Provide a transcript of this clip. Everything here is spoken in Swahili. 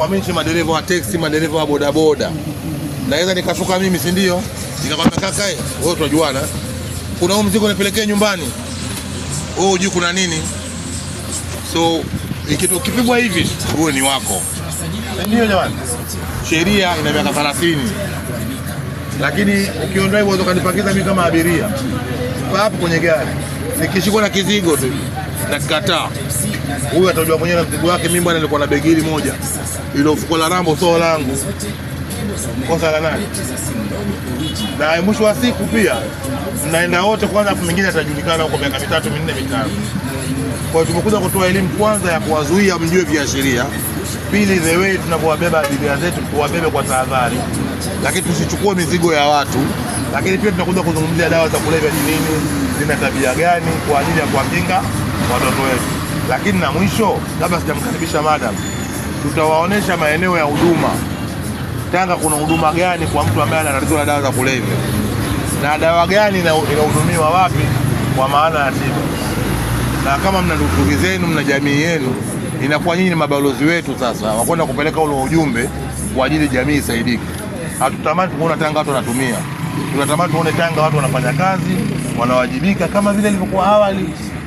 kuhamisha madereva wa teksi, madereva wa bodaboda. Naweza nikashuka mimi, si ndio? Nikakwambia kaka, eh, wewe tunajuana, kuna huu mzigo nipelekee nyumbani, wewe oh, hujui kuna nini. So kipigwa hivi, huo ni wako, ndio jamani. Sheria ina miaka 30 lakini ukiondoa hivyo, ukanipakiza mimi kama abiria hapo kwenye gari, nikishikwa na kizigo tu nakikataa. Huyu atajua mwenyewe na mzigo wake. Mimi bwana, nilikuwa na begi hili moja, ilo la rambo sio langu, kosa la nani? Na mwisho wa siku pia mnaenda wote kwanza, afu mingine atajulikana huko miaka mitatu minne mitano. Kwa hiyo tumekuja kutoa elimu kwanza ya kuwazuia mjue viashiria, pili the way tunavyowabeba abiria zetu tuwabebe kwa tahadhari, lakini tusichukue mizigo ya watu lakini pia tunakuja kuzungumzia dawa za kulevya ni nini, zina tabia gani, kwa ajili ya kuwakinga watoto wetu. Lakini na mwisho, labda sijamkaribisha madam, tutawaonesha maeneo ya huduma Tanga, kuna huduma gani kwa mtu ambaye anatatizo la dawa za kulevya na dawa gani inahudumiwa wapi, kwa maana ya tiba. Na kama mna ndugu zenu, mna jamii yenu, inakuwa nyinyi ni mabalozi wetu sasa wakwenda kupeleka ule ujumbe kwa ajili jamii isaidike. Hatutamani kuona Tanga watu wanatumia, tunatamani tuone Tanga watu wanafanya kazi, wanawajibika kama vile ilivyokuwa awali.